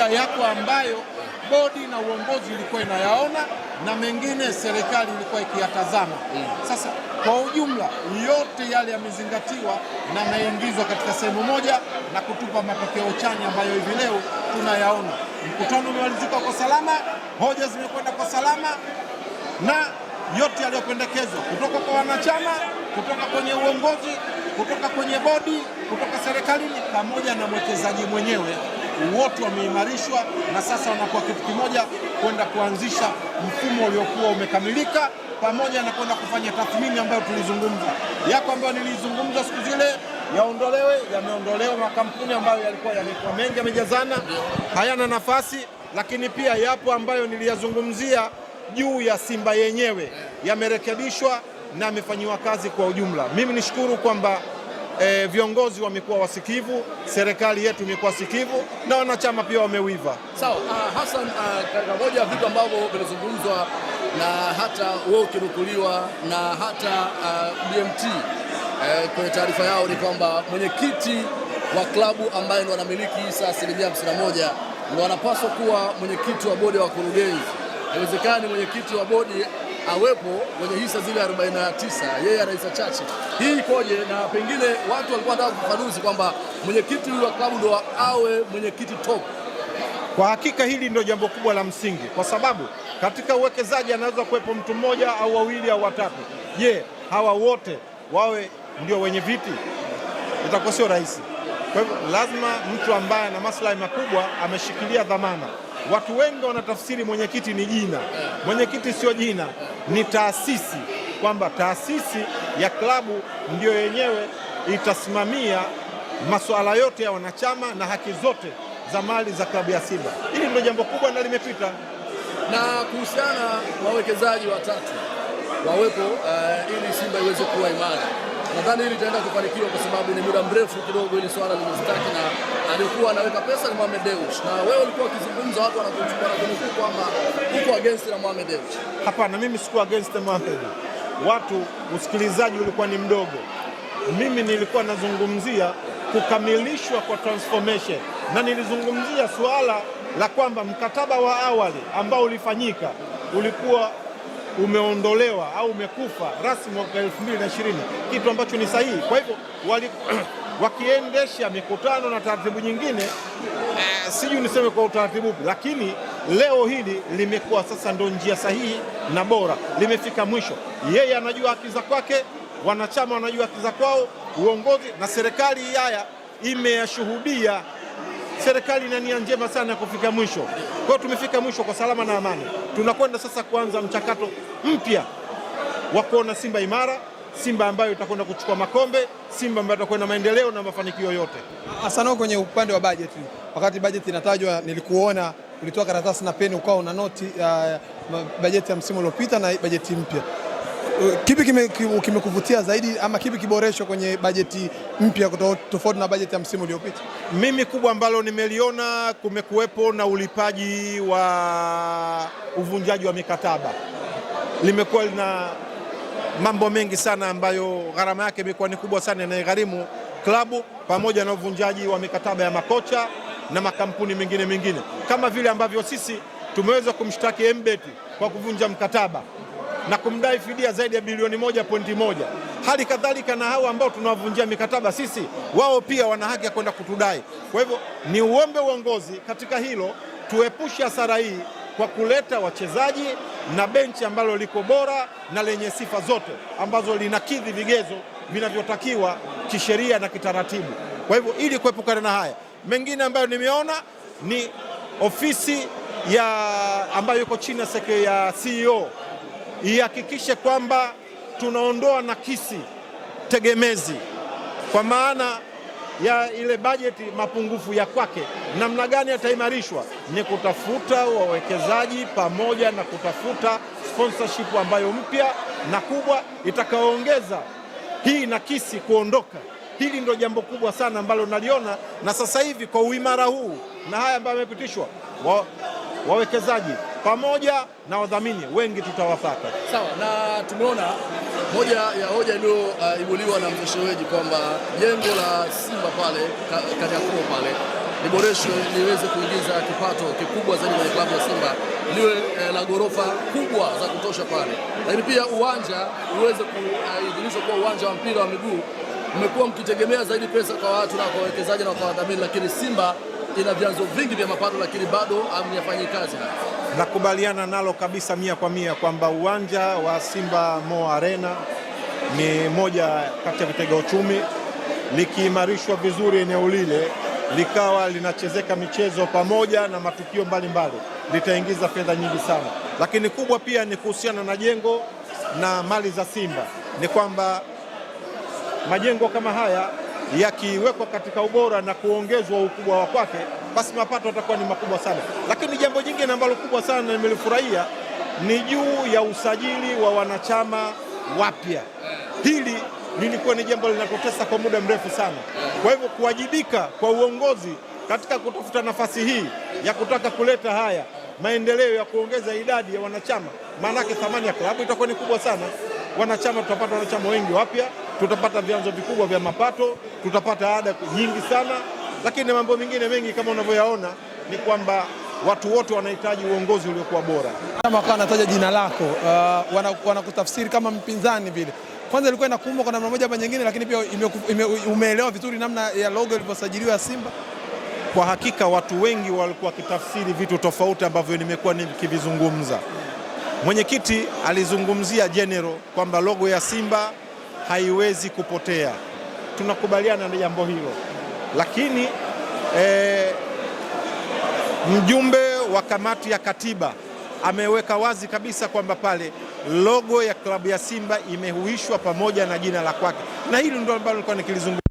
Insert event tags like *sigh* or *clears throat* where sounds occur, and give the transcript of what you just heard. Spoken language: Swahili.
mapya yako ambayo bodi na uongozi ilikuwa inayaona na mengine serikali ilikuwa ikiyatazama. Sasa kwa ujumla, yote yale yamezingatiwa na yameingizwa katika sehemu moja na kutupa matokeo chanya ambayo hivi leo tunayaona. Mkutano umemalizika kwa salama, hoja zimekwenda kwa salama na yote yaliyopendekezwa kutoka kwa wanachama, kutoka kwenye uongozi, kutoka kwenye bodi, kutoka serikalini pamoja na mwekezaji mwenyewe wote wameimarishwa na sasa wanakuwa kitu kimoja kwenda kuanzisha mfumo uliokuwa umekamilika, pamoja na kwenda kufanya tathmini ambayo tulizungumza yako ambayo nilizungumza siku zile yaondolewe, yameondolewa. Makampuni ambayo yalikuwa yamekuwa mengi yamejazana, hayana nafasi, lakini pia yapo ambayo niliyazungumzia juu ya Simba yenyewe yamerekebishwa na amefanyiwa kazi kwa ujumla. Mimi nishukuru kwamba e, viongozi wamekuwa wasikivu, serikali yetu imekuwa sikivu na wanachama pia wameuiva. Sawa. So, uh, ah, Hassan, uh, katika moja ya vitu ambavyo vinazungumzwa na hata wewe ukinukuliwa na hata uh, ah, BMT uh, eh, kwenye taarifa yao ni kwamba mwenyekiti wa klabu ambaye ndo wanamiliki hisa asilimia 51 ndo wanapaswa kuwa mwenyekiti wa bodi ya wakurugenzi. Haiwezekani mwenyekiti wa bodi awepo kwenye hisa zile 49 yeye ana hisa chache. Hii ikoje? Na pengine watu walikuwa wanataka kufafanuzi kwamba mwenyekiti wa klabu ndo awe mwenyekiti top. Kwa hakika hili ndio jambo kubwa la msingi, kwa sababu katika uwekezaji anaweza kuwepo mtu mmoja au wawili au watatu. Je, hawa wote wawe ndio wenye viti? Itakuwa sio rahisi. Kwa hivyo lazima mtu ambaye ana maslahi makubwa ameshikilia dhamana Watu wengi wanatafsiri mwenyekiti ni jina. Mwenyekiti sio jina, ni taasisi, kwamba taasisi ya klabu ndiyo yenyewe itasimamia masuala yote ya wanachama na haki zote za mali za klabu ya Simba. Hili ndio jambo kubwa na limepita. Na kuhusiana wawekezaji watatu wawepo, uh, ili Simba iweze kuwa imara, nadhani hili itaenda kufanikiwa, kwa sababu ni muda mrefu kidogo ili swala limezitaki na alikuwa anaweka pesa ni Mohamed Dewji, na wewe ulikuwa ukizungumza watu wanakuchukua na kunuku kwamba uko against na Mohamed Dewji. Hapana, mimi sikuwa against Mohamed. Watu, usikilizaji ulikuwa ni mdogo. Mimi nilikuwa nazungumzia kukamilishwa kwa transformation na nilizungumzia suala la kwamba mkataba wa awali ambao ulifanyika ulikuwa umeondolewa au umekufa rasmi mwaka 2020 kitu ambacho ni sahihi. Kwa hivyo wali *clears throat* wakiendesha mikutano na taratibu nyingine eh, sijui niseme kwa utaratibu, lakini leo hili limekuwa sasa ndo njia sahihi na bora, limefika mwisho. Yeye anajua haki za kwake, wanachama wanajua haki za kwao, uongozi na serikali. Haya imeyashuhudia serikali ina nia njema sana ya kufika mwisho. Kwa hiyo tumefika mwisho kwa salama na amani. Tunakwenda sasa kuanza mchakato mpya wa kuona Simba imara Simba ambayo itakwenda kuchukua makombe, Simba ambayo itakwenda maendeleo na mafanikio yote. Asanao, Kwenye upande wa bajeti, wakati bajeti inatajwa, nilikuona ulitoa karatasi na peni ukawa una noti uh, bajeti ya msimu uliopita na bajeti mpya. Uh, kipi kimekuvutia kime zaidi ama kipi kiboreshwa kwenye bajeti mpya tofauti na bajeti ya msimu uliopita? Mimi kubwa ambalo nimeliona, kumekuwepo na ulipaji wa uvunjaji wa mikataba limekuwa lina mambo mengi sana ambayo gharama yake imekuwa ni kubwa sana, inayegharimu klabu pamoja na uvunjaji wa mikataba ya makocha na makampuni mengine mengine, kama vile ambavyo sisi tumeweza kumshtaki Mbeti kwa kuvunja mkataba na kumdai fidia zaidi ya bilioni moja pointi moja. Hali kadhalika na hao ambao tunawavunjia mikataba sisi, wao pia wana haki ya kwenda kutudai. Kwa hivyo ni uombe uongozi katika hilo, tuepushe hasara hii kwa kuleta wachezaji na benchi ambalo liko bora na lenye sifa zote ambazo linakidhi vigezo vinavyotakiwa kisheria na kitaratibu. Kwa hivyo ili kuepukana na haya mengine ambayo nimeona ni ofisi ya ambayo iko chini ya CEO ihakikishe kwamba tunaondoa nakisi tegemezi kwa maana ya ile bajeti mapungufu ya kwake namna gani yataimarishwa, ni kutafuta wawekezaji pamoja na kutafuta sponsorship ambayo mpya na kubwa itakaoongeza hii nakisi kuondoka. Hili ndio jambo kubwa sana ambalo naliona, na sasa hivi kwa uimara huu na haya ambayo yamepitishwa, wa, wawekezaji pamoja na wadhamini wengi tutawapata. Sawa, na tumeona moja ya hoja iliyoibuliwa uh, na mtoshoweji kwamba jengo la Simba pale ka, Kariakoo pale liboreshwe liweze kuingiza kipato kikubwa zaidi kwenye klabu ya Simba liwe eh, la ghorofa kubwa za kutosha pale, lakini pia uwanja uweze kuidhinishwa uh, kuwa uwanja wa mpira wa miguu. Mmekuwa mkitegemea zaidi pesa kwa watu na kwa wawekezaji na kwa wadhamini, lakini Simba ina vyanzo vingi vya mapato, lakini bado hamyafanyi kazi nakubaliana nalo kabisa mia kwa mia kwamba uwanja wa Simba Mo Arena ni moja kati ya vitega uchumi. Likiimarishwa vizuri eneo lile likawa linachezeka michezo pamoja na matukio mbalimbali, litaingiza fedha nyingi sana. Lakini kubwa pia ni kuhusiana na jengo na mali za Simba, ni kwamba majengo kama haya yakiwekwa katika ubora na kuongezwa ukubwa wa kwake basi mapato yatakuwa ni makubwa sana. Lakini jambo jingine ambalo kubwa sana nimelifurahia ni juu ya usajili wa wanachama wapya. Hili lilikuwa ni jambo linatotesa kwa muda mrefu sana. Kwa hivyo kuwajibika kwa uongozi katika kutafuta nafasi hii ya kutaka kuleta haya maendeleo ya kuongeza idadi ya wanachama, maanake thamani ya klabu itakuwa ni kubwa sana. Wanachama tutapata wanachama wengi wapya, tutapata vyanzo vikubwa vya mapato, tutapata ada nyingi sana. Lakini mambo mengine mengi kama unavyoyaona ni kwamba watu wote wanahitaji uongozi uliokuwa bora. Kama wakawa wanataja jina lako uh, wanakutafsiri wana kama mpinzani vile, kwanza ilikuwa inakuuma kwa namna moja ama nyingine, lakini pia umeelewa vizuri namna ya logo ilivyosajiliwa Simba. Kwa hakika watu wengi walikuwa wakitafsiri vitu tofauti ambavyo nimekuwa nikivizungumza. Mwenyekiti alizungumzia general kwamba logo ya Simba haiwezi kupotea, tunakubaliana na jambo hilo lakini e, mjumbe wa kamati ya katiba ameweka wazi kabisa kwamba pale logo ya klabu ya Simba imehuishwa pamoja na jina la kwake, na hili ndio ambalo nilikuwa nikilizungumza.